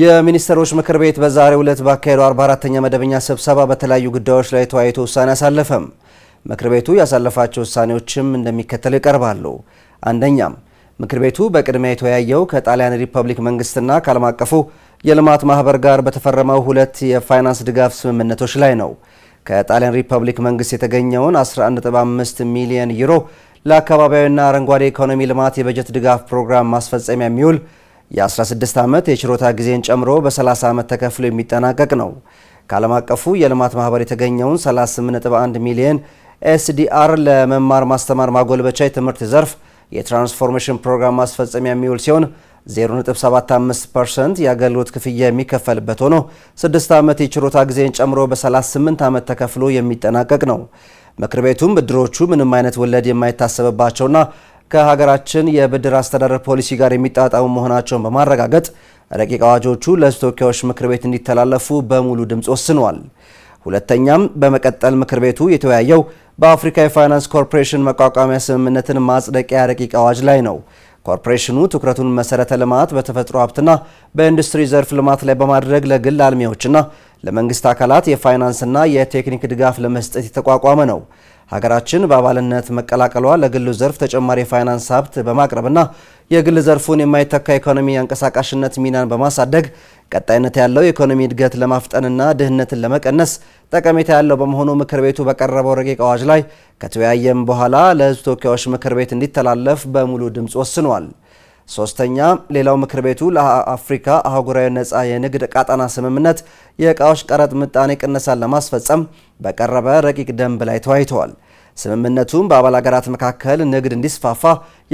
የሚኒስትሮች ምክር ቤት በዛሬው ዕለት ባካሄደው 44ኛ መደበኛ ስብሰባ በተለያዩ ጉዳዮች ላይ ተወያይቶ ውሳኔ አሳለፈም። ምክር ቤቱ ያሳለፋቸው ውሳኔዎችም እንደሚከተል ይቀርባሉ። አንደኛም ምክር ቤቱ በቅድሚያ የተወያየው ከጣሊያን ሪፐብሊክ መንግስትና ከዓለም አቀፉ የልማት ማህበር ጋር በተፈረመው ሁለት የፋይናንስ ድጋፍ ስምምነቶች ላይ ነው። ከጣሊያን ሪፐብሊክ መንግስት የተገኘውን 11.5 ሚሊዮን ዩሮ ለአካባቢያዊና አረንጓዴ ኢኮኖሚ ልማት የበጀት ድጋፍ ፕሮግራም ማስፈጸሚያ የሚውል የ16 ዓመት የችሮታ ጊዜን ጨምሮ በ30 ዓመት ተከፍሎ የሚጠናቀቅ ነው። ከዓለም አቀፉ የልማት ማህበር የተገኘውን 38.1 ሚሊዮን ኤስዲአር ለመማር ማስተማር ማጎልበቻ የትምህርት ዘርፍ የትራንስፎርሜሽን ፕሮግራም ማስፈጸሚያ የሚውል ሲሆን 0.75% የአገልግሎት ክፍያ የሚከፈልበት ሆኖ 6 ዓመት የችሮታ ጊዜን ጨምሮ በ38 ዓመት ተከፍሎ የሚጠናቀቅ ነው። ምክር ቤቱም ብድሮቹ ምንም አይነት ወለድ የማይታሰብባቸውና ከሀገራችን የብድር አስተዳደር ፖሊሲ ጋር የሚጣጣሙ መሆናቸውን በማረጋገጥ ረቂቅ አዋጆቹ ለሕዝብ ምክር ቤት እንዲተላለፉ በሙሉ ድምፅ ወስኗል። ሁለተኛም በመቀጠል ምክር ቤቱ የተወያየው በአፍሪካ የፋይናንስ ኮርፖሬሽን መቋቋሚያ ስምምነትን ማጽደቂያ ረቂቅ አዋጅ ላይ ነው። ኮርፖሬሽኑ ትኩረቱን መሰረተ ልማት በተፈጥሮ ሀብትና በኢንዱስትሪ ዘርፍ ልማት ላይ በማድረግ ለግል አልሚዎችና ለመንግስት አካላት የፋይናንስና የቴክኒክ ድጋፍ ለመስጠት የተቋቋመ ነው። ሀገራችን በአባልነት መቀላቀሏ ለግሉ ዘርፍ ተጨማሪ የፋይናንስ ሀብት በማቅረብና የግል ዘርፉን የማይተካ ኢኮኖሚ አንቀሳቃሽነት ሚናን በማሳደግ ቀጣይነት ያለው የኢኮኖሚ እድገት ለማፍጠንና ድህነትን ለመቀነስ ጠቀሜታ ያለው በመሆኑ ምክር ቤቱ በቀረበው ረቂቅ አዋጅ ላይ ከተወያየም በኋላ ለሕዝብ ተወካዮች ምክር ቤት እንዲተላለፍ በሙሉ ድምፅ ወስኗል። ሶስተኛ ሌላው ምክር ቤቱ ለአፍሪካ አህጉራዊ ነጻ የንግድ ቀጣና ስምምነት የእቃዎች ቀረጥ ምጣኔ ቅነሳን ለማስፈጸም በቀረበ ረቂቅ ደንብ ላይ ተወያይተዋል። ስምምነቱም በአባል ሀገራት መካከል ንግድ እንዲስፋፋ፣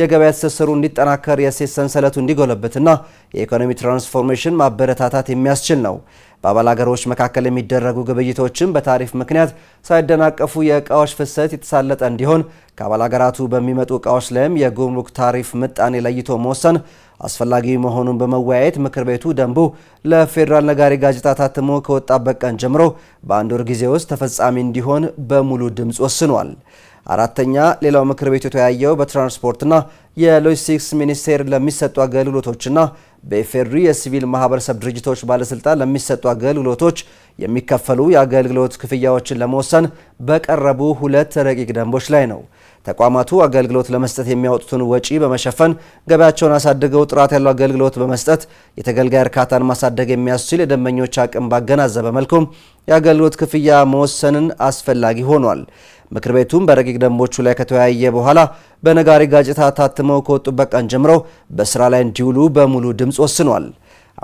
የገበያ ትስስሩ እንዲጠናከር፣ የእሴት ሰንሰለቱ እንዲጎለብትና የኢኮኖሚ ትራንስፎርሜሽን ማበረታታት የሚያስችል ነው። በአባል ሀገሮች መካከል የሚደረጉ ግብይቶችም በታሪፍ ምክንያት ሳይደናቀፉ የእቃዎች ፍሰት የተሳለጠ እንዲሆን ከአባል ሀገራቱ በሚመጡ እቃዎች ላይም የጉምሩክ ታሪፍ ምጣኔ ለይቶ መወሰን አስፈላጊ መሆኑን በመወያየት ምክር ቤቱ ደንቡ ለፌዴራል ነጋሪ ጋዜጣ ታትሞ ከወጣበት ቀን ጀምሮ በአንድ ወር ጊዜ ውስጥ ተፈጻሚ እንዲሆን በሙሉ ድምፅ ወስኗል። አራተኛ ሌላው ምክር ቤቱ የተወያየው በትራንስፖርትና የሎጂስቲክስ ሚኒስቴር ለሚሰጡ አገልግሎቶችና በኢፌዴሪ የሲቪል ማህበረሰብ ድርጅቶች ባለስልጣን ለሚሰጡ አገልግሎቶች የሚከፈሉ የአገልግሎት ክፍያዎችን ለመወሰን በቀረቡ ሁለት ረቂቅ ደንቦች ላይ ነው። ተቋማቱ አገልግሎት ለመስጠት የሚያወጡትን ወጪ በመሸፈን ገበያቸውን አሳድገው ጥራት ያለው አገልግሎት በመስጠት የተገልጋይ እርካታን ማሳደግ የሚያስችል የደንበኞች አቅም ባገናዘበ መልኩም የአገልግሎት ክፍያ መወሰንን አስፈላጊ ሆኗል። ምክር ቤቱም በረቂቅ ደንቦቹ ላይ ከተወያየ በኋላ በነጋሪ ጋዜጣ ታትመው ከወጡበት ቀን ጀምሮ በስራ ላይ እንዲውሉ በሙሉ ድምፅ ወስኗል።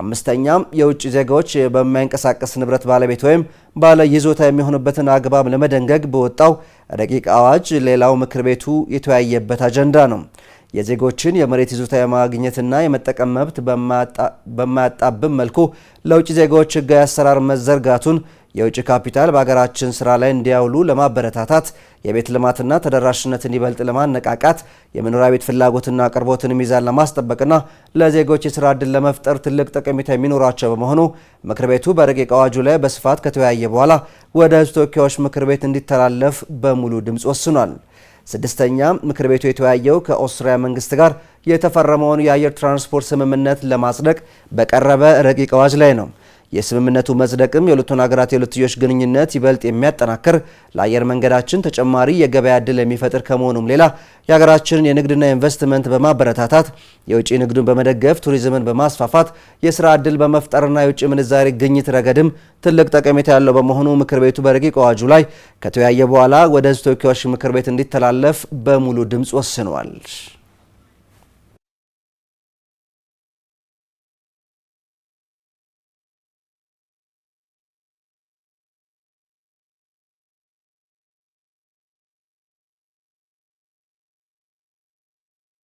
አምስተኛም የውጭ ዜጋዎች በማይንቀሳቀስ ንብረት ባለቤት ወይም ባለ ይዞታ የሚሆንበትን አግባብ ለመደንገግ በወጣው ረቂቅ አዋጅ ሌላው ምክር ቤቱ የተወያየበት አጀንዳ ነው። የዜጎችን የመሬት ይዞታ የማግኘትና የመጠቀም መብት በማያጣብብ መልኩ ለውጭ ዜጋዎች ህጋዊ አሰራር መዘርጋቱን የውጭ ካፒታል በሀገራችን ስራ ላይ እንዲያውሉ ለማበረታታት የቤት ልማትና ተደራሽነትን ይበልጥ ለማነቃቃት የመኖሪያ ቤት ፍላጎትና አቅርቦትን ሚዛን ለማስጠበቅና ለዜጎች የስራ እድል ለመፍጠር ትልቅ ጠቀሜታ የሚኖራቸው በመሆኑ ምክር ቤቱ በረቂቅ አዋጁ ላይ በስፋት ከተወያየ በኋላ ወደ ሕዝብ ተወካዮች ምክር ቤት እንዲተላለፍ በሙሉ ድምፅ ወስኗል። ስድስተኛ ምክር ቤቱ የተወያየው ከኦስትሪያ መንግስት ጋር የተፈረመውን የአየር ትራንስፖርት ስምምነት ለማጽደቅ በቀረበ ረቂቅ አዋጅ ላይ ነው። የስምምነቱ መጽደቅም የሁለቱን ሀገራት የሁለትዮሽ ግንኙነት ይበልጥ የሚያጠናክር ለአየር መንገዳችን ተጨማሪ የገበያ እድል የሚፈጥር ከመሆኑም ሌላ የሀገራችንን የንግድና ኢንቨስትመንት በማበረታታት የውጭ ንግዱን በመደገፍ ቱሪዝምን በማስፋፋት የስራ እድል በመፍጠርና የውጭ ምንዛሬ ግኝት ረገድም ትልቅ ጠቀሜታ ያለው በመሆኑ ምክር ቤቱ በረቂቅ አዋጁ ላይ ከተወያየ በኋላ ወደ ሕዝብ ተወካዮች ምክር ቤት እንዲተላለፍ በሙሉ ድምፅ ወስኗል።